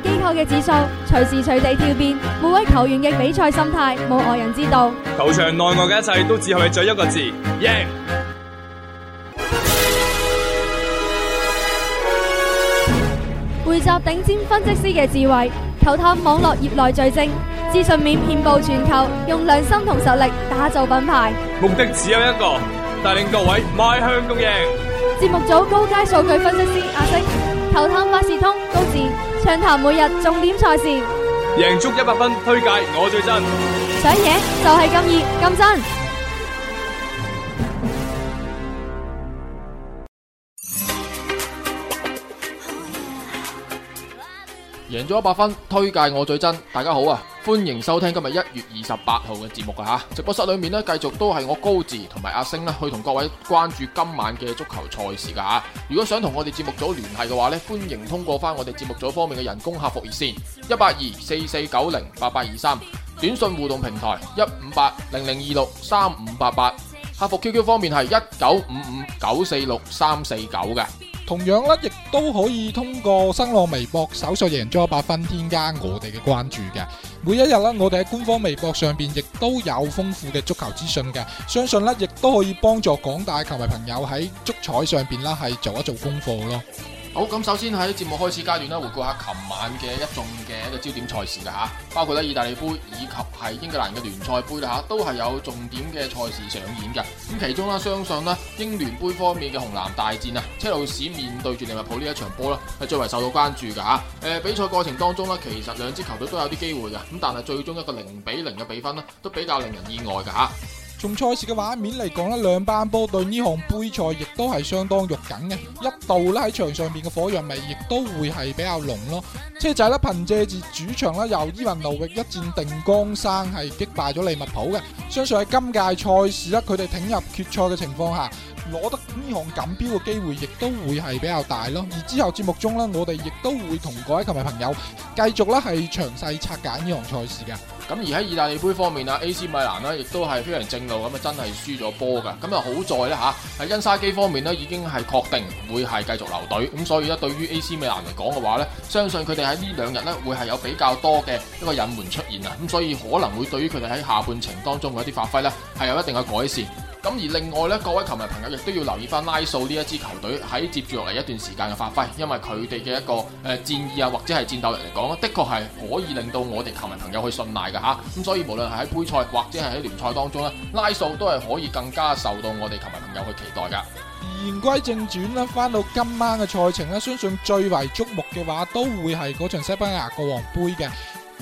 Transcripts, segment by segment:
機構嘅指數隨時隨地跳變，每位球員嘅比賽心態冇外人知道。球場內外嘅一切都只係為咗一個字：贏。匯集頂尖分析師嘅智慧，球探網絡業內最精，資訊面遍布全球，用良心同實力打造品牌。目的只有一個，帶領各位邁向共贏。節目組高階數據分析師阿星，球探萬事通高智。暢談每日重點賽事，贏足一百分，推介我最真，想贏就係咁易咁真，贏足一百分，推介我最真，大家好啊！歡迎收聽今日一月二十八號嘅節目噶吓，直播室裏面咧繼續都係我高智同埋阿星啦，去同各位關注今晚嘅足球賽事噶吓。如果想同我哋節目組聯繫嘅話咧，歡迎通過翻我哋節目組方面嘅人工客服熱線一八二四四九零八八二三，23, 短信互動平台一五八零零二六三五八八，客服 QQ 方面係一九五五九四六三四九嘅。同樣咧，亦都可以通過新浪微博搜索贏足 100FUN 添加我哋嘅關注嘅。每一日咧，我哋喺官方微博上邊亦都有豐富嘅足球資訊嘅，相信咧亦都可以幫助廣大球迷朋友喺足彩上邊啦，係做一做功課咯。好咁，首先喺節目開始階段咧，回顧下琴晚嘅一眾嘅一個焦點賽事嘅吓，包括咧意大利杯以及係英格蘭嘅聯賽杯啦吓，都係有重點嘅賽事上演嘅。咁其中啦，相信呢英聯杯方面嘅紅藍大戰啊，車路士面對住利物浦呢一場波呢係最為受到關注噶吓。誒、呃，比賽過程當中呢，其實兩支球隊都有啲機會嘅，咁但係最終一個零比零嘅比分呢都比較令人意外噶吓。用賽事嘅畫面嚟講呢，兩班波對呢項杯賽亦都係相當肉緊嘅，一度呢喺場上邊嘅火藥味亦都會係比較濃咯。車仔呢憑藉住主場由伊雲奴域一戰定江山，係擊敗咗利物浦嘅。相信喺今屆賽事呢，佢哋挺入決賽嘅情況下攞得呢項錦標嘅機會亦都會係比較大咯。而之後節目中呢，我哋亦都會同各位球迷朋友繼續呢係詳細拆解呢項賽事嘅。咁而喺意大利杯方面啊，A.C. 米蘭咧，亦都係非常正路，咁啊真係輸咗波噶。咁啊好在咧嚇，喺因沙基方面咧，已經係確定會係繼續留隊，咁所以咧對於 A.C. 米蘭嚟講嘅話咧，相信佢哋喺呢兩日咧會係有比較多嘅一個隱瞞出現啊，咁所以可能會對於佢哋喺下半程當中嘅一啲發揮咧係有一定嘅改善。咁而另外咧，各位球迷朋友亦都要留意翻拉素呢一支球隊喺接住落嚟一段時間嘅發揮，因為佢哋嘅一個誒、呃、戰意啊，或者係戰鬥力嚟講呢的確係可以令到我哋球迷朋友去信賴嘅吓，咁、嗯、所以無論係喺杯賽或者係喺聯賽當中呢，拉素都係可以更加受到我哋球迷朋友去期待嘅。言歸正傳啦，翻到今晚嘅賽程咧，相信最為矚目嘅話都會係嗰場西班牙國王杯嘅。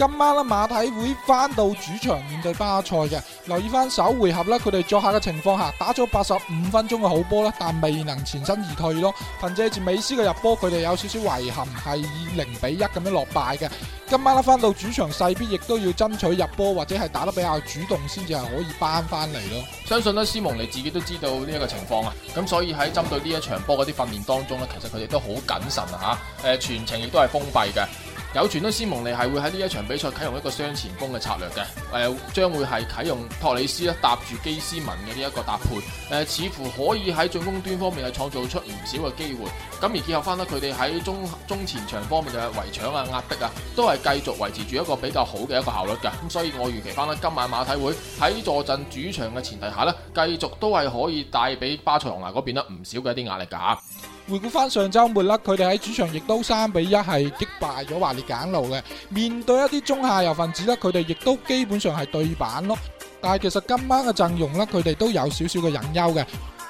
今晚咧馬體會翻到主場面對巴塞嘅，留意翻首回合呢，佢哋作客嘅情況下打咗八十五分鐘嘅好波咧，但未能全身而退咯。憑借住美斯嘅入波，佢哋有少少遺憾係以零比一咁樣落敗嘅。今晚咧翻到主場勢必亦都要爭取入波，或者係打得比較主動先至係可以扳翻嚟咯。相信呢，斯蒙尼自己都知道呢一個情況啊，咁所以喺針對呢一場波嗰啲訓練當中呢，其實佢哋都好謹慎啊吓，誒全程亦都係封閉嘅。有傳都，斯蒙尼係會喺呢一場比賽啟用一個雙前鋒嘅策略嘅，誒、呃、將會係啟用托里斯啦，搭住基斯文嘅呢一個搭配，誒、呃、似乎可以喺進攻端方面係創造出唔少嘅機會。咁而結合翻咧，佢哋喺中中前場方面嘅圍搶啊、壓迫啊，都係繼續維持住一個比較好嘅一個效率嘅。咁所以，我預期翻咧今晚馬體會喺坐鎮主場嘅前提下呢，繼續都係可以帶俾巴塞羅那嗰邊唔少嘅一啲壓力㗎嚇。回顧翻上週末啦，佢哋喺主場亦都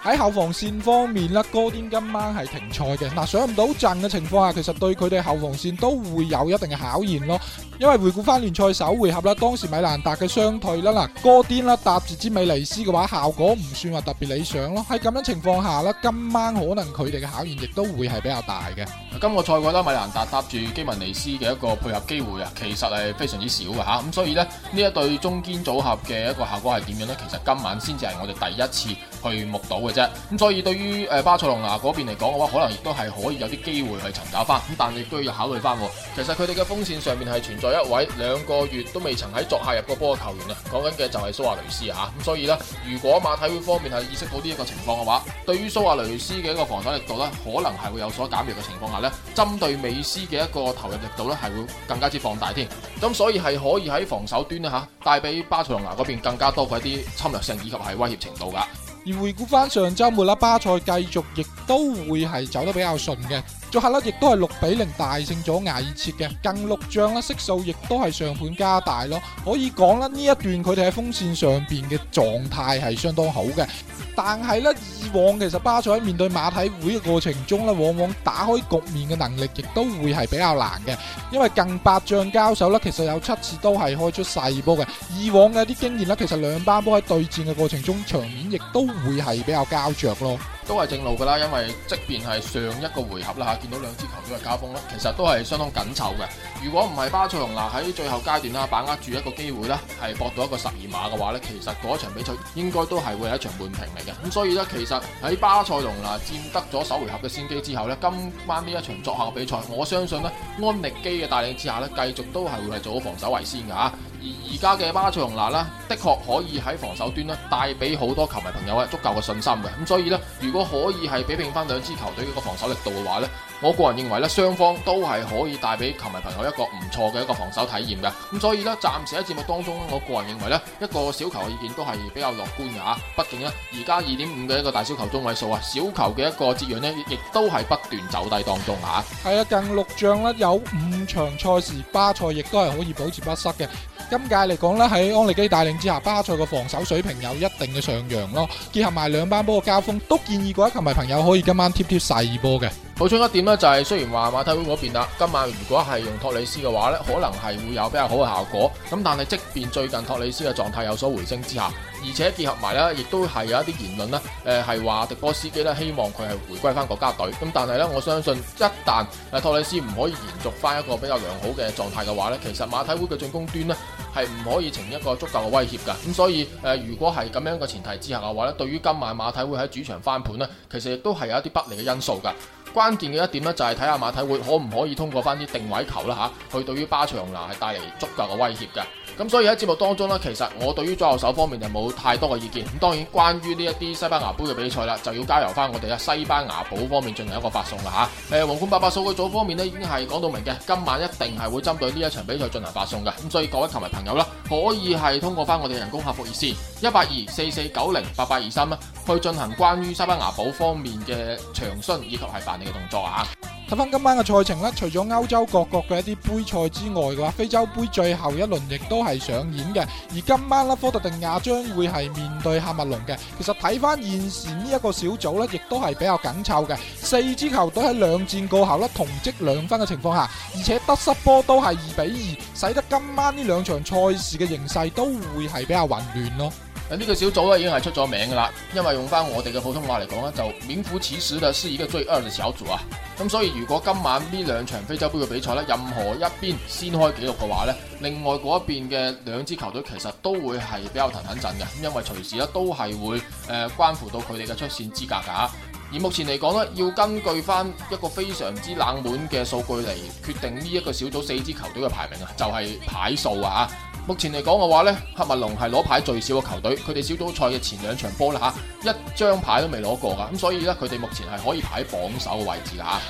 喺後防線方面啦，哥丁今晚係停賽嘅嗱，上唔到陣嘅情況下，其實對佢哋後防線都會有一定嘅考驗咯。因為回顧翻聯賽首回合啦，當時米蘭達嘅傷退啦，嗱哥丁啦搭住基文尼斯嘅話，效果唔算話特別理想咯。喺咁樣情況下呢，今晚可能佢哋嘅考驗亦都會係比較大嘅。今個賽季啦，米蘭達搭住基文尼斯嘅一個配合機會啊，其實係非常之少嘅吓，咁、啊、所以呢，呢一對中堅組合嘅一個效果係點樣呢？其實今晚先至係我哋第一次去目睹嘅。咁所以對於誒巴塞隆拿嗰邊嚟講嘅話，可能亦都係可以有啲機會去尋找翻，咁但係亦都要考慮翻。其實佢哋嘅鋒線上面係存在一位兩個月都未曾喺作客入過波嘅球員啊，講緊嘅就係蘇亞雷斯吓。咁所以呢，如果馬體會方面係意識到呢一個情況嘅話，對於蘇亞雷斯嘅一個防守力度呢，可能係會有所減弱嘅情況下呢，針對美斯嘅一個投入力度呢，係會更加之放大添。咁所以係可以喺防守端咧吓，啊，帶俾巴塞隆拿嗰邊更加多一啲侵略性以及係威脅程度噶。而回顧翻上週末啦，巴塞繼續亦都會係走得比較順嘅，最後呢亦都係六比零大勝咗瓦爾切嘅。近六仗啦，色數亦都係上盤加大咯，可以講啦呢一段佢哋喺風線上邊嘅狀態係相當好嘅。但係咧，以往其實巴塞喺面對馬體會嘅過程中咧，往往打開局面嘅能力亦都會係比較難嘅，因為近八仗交手咧，其實有七次都係開出細波嘅。以往嘅一啲經驗咧，其實兩班波喺對戰嘅過程中，場面亦都會係比較膠着咯。都係正路噶啦，因為即便係上一個回合啦吓，見到兩支球隊嘅交鋒啦，其實都係相當緊湊嘅。如果唔係巴塞隆拿喺最後階段啦，把握住一個機會咧，係博到一個十二碼嘅話呢，其實嗰一場比賽應該都係會係一場半平嚟嘅。咁所以呢，其實喺巴塞隆拿佔得咗首回合嘅先機之後呢，今晚呢一場作客比賽，我相信呢安力基嘅帶領之下呢，繼續都係會係做好防守為先噶吓。而而家嘅巴塞隆拿啦，的確可以喺防守端咧帶俾好多球迷朋友啊足夠嘅信心嘅，咁所以咧，如果可以係比拼翻兩支球隊嘅個防守力度嘅話咧。我個人認為咧，雙方都係可以帶俾球迷朋友一個唔錯嘅一個防守體驗嘅。咁所以呢，暫時喺節目當中咧，我個人認為呢，一個小球嘅意見都係比較樂觀嘅吓。畢竟呢，而家二點五嘅一個大小球中位數啊，小球嘅一個折讓呢，亦都係不斷走低當中吓。係啊，近六仗呢，有五場賽事巴塞亦都係可以保持不失嘅。今屆嚟講呢，喺安利基帶領之下，巴塞個防守水平有一定嘅上揚咯。結合埋兩班波嘅交鋒，都建議各位球迷朋友可以今晚貼貼細波嘅。補充一點咧、就是，就係雖然話馬體會嗰邊啦，今晚如果係用托里斯嘅話咧，可能係會有比較好嘅效果。咁但係即便最近托里斯嘅狀態有所回升之下，而且結合埋咧，亦都係有一啲言論咧，誒係話迪波斯基咧，希望佢係回歸翻國家隊。咁但係咧，我相信一旦誒托里斯唔可以延續翻一個比較良好嘅狀態嘅話咧，其實馬體會嘅進攻端咧係唔可以呈一個足夠嘅威脅㗎。咁所以誒、呃，如果係咁樣嘅前提之下嘅話咧，對於今晚馬體會喺主場翻盤咧，其實亦都係有一啲不利嘅因素㗎。關鍵嘅一點咧，就係睇下馬體會可唔可以通過翻啲定位球啦吓、啊，去對於巴塞羅那係帶嚟足夠嘅威脅嘅。咁所以喺節目當中呢，其實我對於左右手方面就冇太多嘅意見。咁當然，關於呢一啲西班牙杯嘅比賽啦，就要交由翻我哋啊西班牙寶方面進行一個發送啦吓。誒、啊，皇、呃、冠八八數據組方面呢，已經係講到明嘅，今晚一定係會針對呢一場比賽進行發送嘅。咁所以各位球迷朋友啦，可以係通過翻我哋人工客服熱線一八二四四九零八八二三啦，23, 去進行關於西班牙寶方面嘅詳詢以及係辦。嘅動作啊！睇翻今晚嘅賽程咧，除咗歐洲各國嘅一啲杯賽之外嘅話，非洲杯最後一輪亦都係上演嘅。而今晚啦，科特迪亞將會係面對喀麥隆嘅。其實睇翻現時呢一個小組咧，亦都係比較緊湊嘅。四支球隊喺兩戰過後咧同積兩分嘅情況下，而且得失波都係二比二，使得今晚呢兩場賽事嘅形勢都會係比較混亂咯。呢個小組咧已經係出咗名噶啦，因為用翻我哋嘅普通話嚟講咧，就名副其實嘅是一個最二嘅小組啊。咁、嗯、所以如果今晚呢兩場非洲杯嘅比賽咧，任何一邊先開紀錄嘅話咧，另外嗰一邊嘅兩支球隊其實都會係比較騰騰震嘅，因為隨時咧都係會誒、呃、關乎到佢哋嘅出線資格噶。而目前嚟講咧，要根據翻一個非常之冷門嘅數據嚟決定呢一個小組四支球隊嘅排名啊，就係、是、牌數啊。目前嚟講嘅話咧，喀麥隆係攞牌最少嘅球隊，佢哋小組賽嘅前兩場波啦吓，一張牌都未攞過噶，咁所以咧佢哋目前係可以排喺榜首嘅位置啦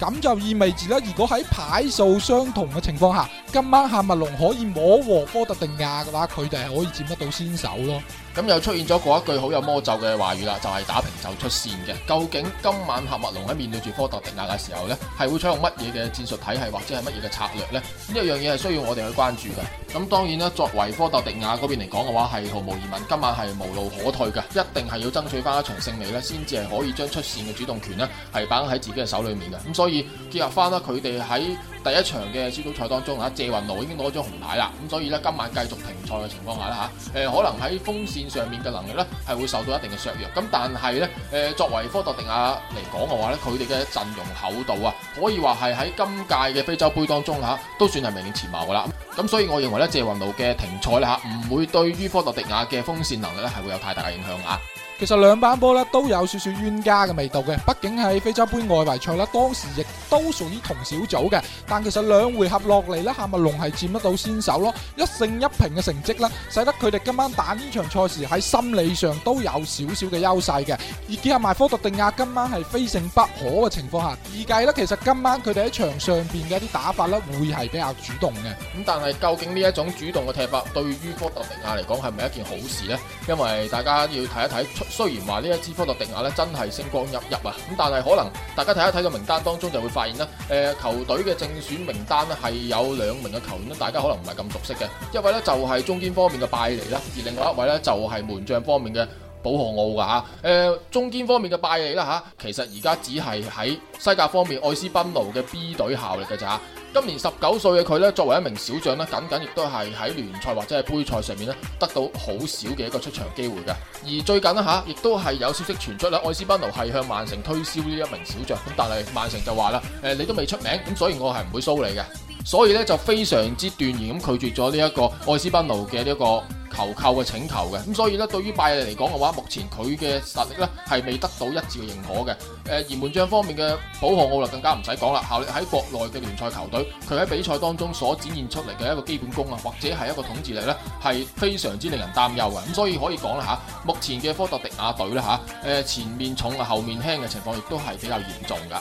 吓。咁就意味住咧，如果喺牌數相同嘅情況下，今晚夏麥龍可以摸和波特迪亞嘅話，佢哋係可以佔得到先手咯。咁又出現咗嗰一句好有魔咒嘅話語啦，就係、是、打平就出線嘅。究竟今晚夏麥龍喺面對住波特迪亞嘅時候呢，係會採用乜嘢嘅戰術體系或者係乜嘢嘅策略呢？呢一樣嘢係需要我哋去關注嘅。咁當然啦，作為波特迪亞嗰邊嚟講嘅話，係毫無疑問，今晚係無路可退嘅，一定係要爭取翻一場勝利咧，先至係可以將出線嘅主動權呢，係擺喺自己嘅手裏面嘅。咁所以結合翻啦，佢哋喺第一場嘅小組賽當中啊，謝雲奴已經攞咗紅牌啦，咁所以咧今晚繼續停賽嘅情況下啦嚇，誒可能喺風扇上面嘅能力咧係會受到一定嘅削弱，咁但係咧誒作為科特迪瓦嚟講嘅話咧，佢哋嘅陣容厚度啊，可以話係喺今屆嘅非洲杯當中嚇都算係名列前茅㗎啦，咁所以我認為咧謝雲奴嘅停賽咧嚇，唔會對於科特迪瓦嘅風扇能力咧係會有太大嘅影響啊。其實兩班波咧都有少少冤家嘅味道嘅，畢竟係非洲杯外圍賽啦，當時亦都屬於同小組嘅。但其實兩回合落嚟咧，喀麥隆係佔得到先手咯，一勝一平嘅成績啦，使得佢哋今晚打呢場賽事喺心理上都有少少嘅優勢嘅。而結合埋科特迪亞今晚係非勝不可嘅情況下，預計咧其實今晚佢哋喺場上邊嘅啲打法咧會係比較主動嘅。咁但係究竟呢一種主動嘅踢法對於科特迪亞嚟講係咪一件好事咧？因為大家要睇一睇出。雖然話呢一支科特迪瓦咧真係星光熠熠啊，咁但係可能大家睇一睇個名單當中就會發現咧，誒、呃、球隊嘅正選名單咧係有兩名嘅球員咧，大家可能唔係咁熟悉嘅，一位咧就係、是、中堅方面嘅拜利啦，而另外一位咧就係、是、門將方面嘅保航奧噶嚇、啊，誒、呃、中堅方面嘅拜利啦嚇，其實而家只係喺西甲方面愛斯賓奴嘅 B 隊效力嘅咋、啊。今年十九歲嘅佢咧，作為一名小將咧，僅僅亦都係喺聯賽或者係杯賽上面咧，得到好少嘅一個出場機會嘅。而最近啊吓，亦都係有消息傳出啦，愛斯班奴係向曼城推銷呢一名小將，咁但係曼城就話啦，誒、呃、你都未出名，咁所以我係唔會收你嘅，所以咧就非常之斷然咁拒絕咗呢一個愛斯班奴嘅呢一個。求購嘅請求嘅，咁所以咧對於拜利嚟講嘅話，目前佢嘅實力咧係未得到一致嘅認可嘅。誒，而門將方面嘅保航奧勒更加唔使講啦，效力喺國內嘅聯賽球隊，佢喺比賽當中所展現出嚟嘅一個基本功啊，或者係一個統治力咧，係非常之令人擔憂嘅。咁所以可以講啦嚇，目前嘅科特迪亞隊咧嚇，誒前面重啊，後面輕嘅情況亦都係比較嚴重噶。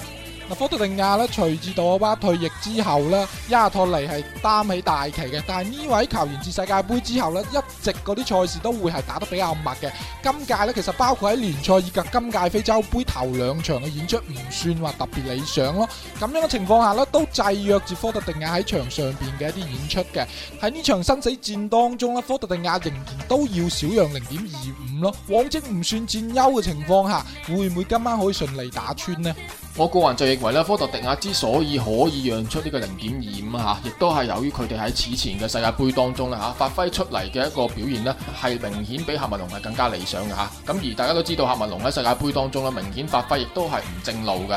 嗱、啊，科特迪瓦咧，隨住杜奧巴退役之後咧，亞托尼係擔起大旗嘅。但係呢位球員自世界杯之後咧，一直啲賽事都會係打得比較密嘅。今屆咧，其實包括喺聯賽以及今屆非洲杯。後兩場嘅演出唔算話特別理想咯，咁樣嘅情況下呢，都制約住科特迪瓦喺場上邊嘅一啲演出嘅。喺呢場生死戰當中呢，科特迪瓦仍然都要少讓零點二五咯。往績唔算佔優嘅情況下，會唔會今晚可以順利打穿呢？我個人就認為咧，科特迪瓦之所以可以讓出呢個零點二五啊，亦都係由於佢哋喺此前嘅世界盃當中咧吓、啊，發揮出嚟嘅一個表現呢，係明顯比喀麥隆係更加理想嘅吓。咁、啊、而大家都知道喀麥隆喺世界盃當中咧，明顯。發揮亦都係唔正路嘅，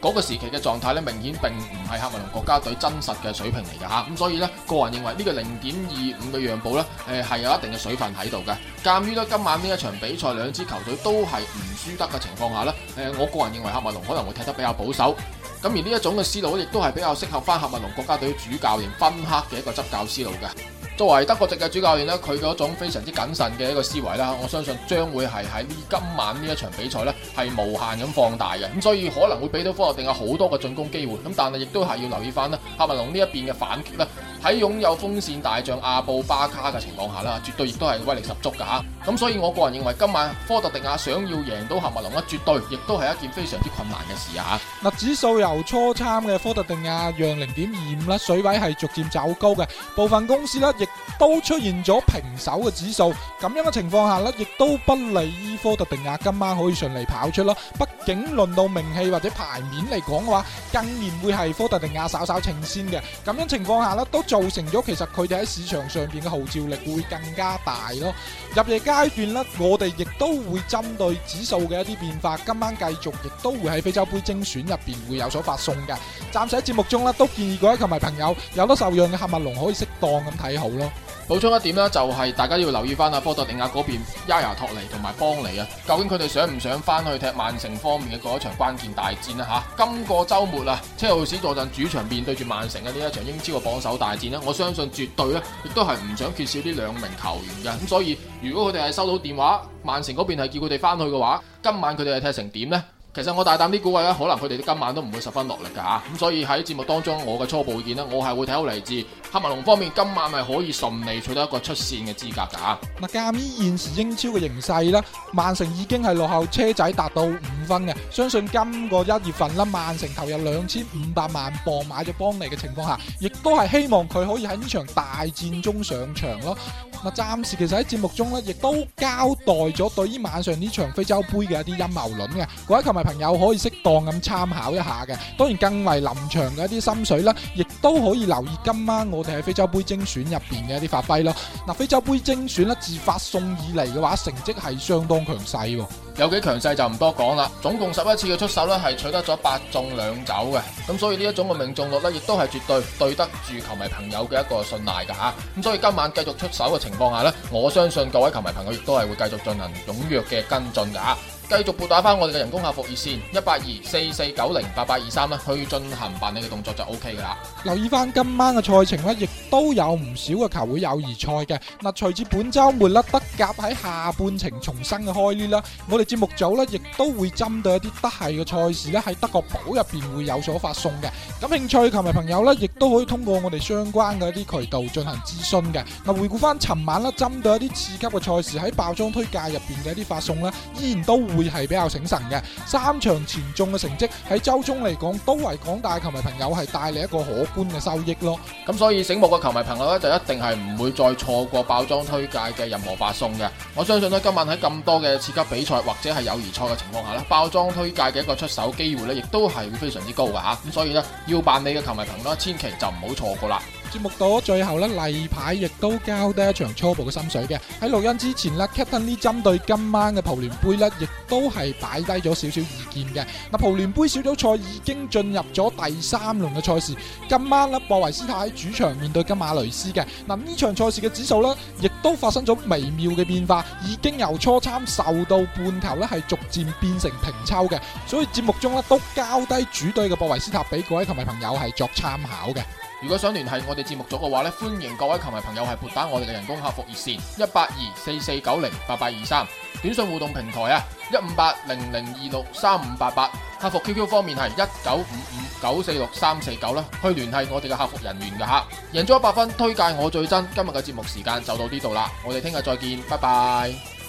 嗰、那個時期嘅狀態咧，明顯並唔係喀麥隆國家隊真實嘅水平嚟嘅吓，咁所以咧，個人認為呢個零點二五嘅讓步咧，誒、呃、係有一定嘅水分喺度嘅。鑒於咧今晚呢一場比賽兩支球隊都係唔輸得嘅情況下咧，誒、呃、我個人認為喀麥隆可能會踢得比較保守。咁而呢一種嘅思路亦都係比較適合翻喀麥隆國家隊主教練芬克嘅一個執教思路嘅。作為德國籍嘅主教練咧，佢嘅一種非常之謹慎嘅一個思維啦，我相信將會係喺呢今晚呢一場比賽咧係無限咁放大嘅，咁所以可能會俾到科洛定有好多嘅進攻機會，咁但係亦都係要留意翻咧，哈文龍呢一邊嘅反擊啦。喺擁有風扇大將阿布巴卡嘅情況下啦，絕對亦都係威力十足㗎嚇。咁、啊、所以我個人認為，今晚科特迪亞想要贏到合物龍咧，絕對亦都係一件非常之困難嘅事啊嚇。嗱，指數由初參嘅科特迪亞讓零點二五啦，水位係逐漸走高嘅。部分公司呢亦都出現咗平手嘅指數。咁樣嘅情況下呢亦都不利於科特迪亞今晚可以順利跑出咯。畢竟，論到名氣或者牌面嚟講嘅話，更然會係科特迪亞稍稍勝先嘅。咁樣情況下呢都造成咗，其實佢哋喺市場上邊嘅號召力會更加大咯。入夜階段呢，我哋亦都會針對指數嘅一啲變化，今晚繼續亦都會喺非洲杯精選入邊會有所發送嘅。暫時喺節目中呢，都建議各位同埋朋友有得受讓嘅喀麥隆可以適當咁睇好咯。補充一點啦，就係大家要留意翻阿波多爾亞嗰邊亞亞托尼同埋邦尼啊，究竟佢哋想唔想翻去踢曼城方面嘅嗰一場關鍵大戰啊？嚇，今個周末啊，車路士坐鎮主場面對住曼城嘅呢一場英超嘅榜首大戰咧，我相信絕對咧，亦都係唔想缺少呢兩名球員嘅。咁、啊、所以，如果佢哋係收到電話，曼城嗰邊係叫佢哋翻去嘅話，今晚佢哋係踢成點呢？其實我大膽啲估計咧，可能佢哋今晚都唔會十分落力㗎嚇。咁、啊、所以喺節目當中，我嘅初步意見呢，我係會睇好嚟自。黑文龍方面今晚係可以順利取得一個出線嘅資格噶吓。嗱，鑒於現時英超嘅形勢啦，曼城已經係落後車仔達到五分嘅，相信今個一月份啦，曼城投入兩千五百萬磅買咗邦尼嘅情況下，亦都係希望佢可以喺呢場大戰中上場咯。嗱，暫時其實喺節目中咧，亦都交代咗對於晚上呢場非洲杯嘅一啲陰謀論嘅，各位球迷朋友可以適當咁參考一下嘅。當然，更為臨場嘅一啲心水啦，亦都可以留意今晚我哋喺非洲杯精選入邊嘅一啲發揮咯。嗱、呃，非洲杯精選咧自發送以嚟嘅話，成績係相當強勢喎。有幾強勢就唔多講啦，總共十一次嘅出手咧係取得咗八中兩走嘅，咁所以呢一種嘅命中率咧亦都係絕對對得住球迷朋友嘅一個信賴噶吓，咁所以今晚繼續出手嘅情況下咧，我相信各位球迷朋友亦都係會繼續進行踴躍嘅跟進噶吓。繼續撥打翻我哋嘅人工客服熱線一八二四四九零八八二三啦，23，去進行辦理嘅動作就 O K 噶啦。留意翻今晚嘅賽程呢亦都有唔少嘅球會友誼賽嘅。嗱，隨住本周末啦，德甲喺下半程重新嘅開鑼啦，我哋節目組呢亦都會針對一啲德系嘅賽事呢喺德國寶入邊會有所發送嘅。感興趣球迷朋友呢，亦都可以通過我哋相關嘅一啲渠道進行諮詢嘅。嗱，回顧翻尋晚啦，針對一啲次級嘅賽事喺爆莊推介入邊嘅一啲發送呢，依然都會會係比較醒神嘅，三場前中嘅成績喺周中嚟講，都為廣大球迷朋友係帶嚟一個可觀嘅收益咯。咁所以醒目嘅球迷朋友咧就一定係唔會再錯過包裝推介嘅任何發送嘅。我相信呢，今晚喺咁多嘅刺激比賽或者係友誼賽嘅情況下咧，包裝推介嘅一個出手機會呢，亦都係會非常之高嘅吓。咁、啊、所以呢，要辦理嘅球迷朋友呢，千祈就唔好錯過啦。節目到最後咧，例牌亦都交低一場初步嘅心水嘅。喺錄音之前呢 Captain 呢針對今晚嘅葡聯杯呢，亦都係擺低咗少少意見嘅。嗱，葡聯杯小組賽已經進入咗第三輪嘅賽事，今晚呢博維斯塔喺主場面對金馬雷斯嘅。嗱，呢場賽事嘅指數呢，亦都發生咗微妙嘅變化，已經由初參受到半球呢係逐漸變成平抽嘅。所以節目中呢，都交低主隊嘅博維斯塔俾各位同埋朋友係作參考嘅。如果想聯繫我哋節目組嘅話咧，歡迎各位球迷朋友係撥打我哋嘅人工客服熱線一八二四四九零八八二三，短信互動平台啊一五八零零二六三五八八，客服 QQ 方面係一九五五九四六三四九啦，9, 去聯繫我哋嘅客服人員嘅吓。贏咗一百分，推介我最真。今日嘅節目時間就到呢度啦，我哋聽日再見，拜拜。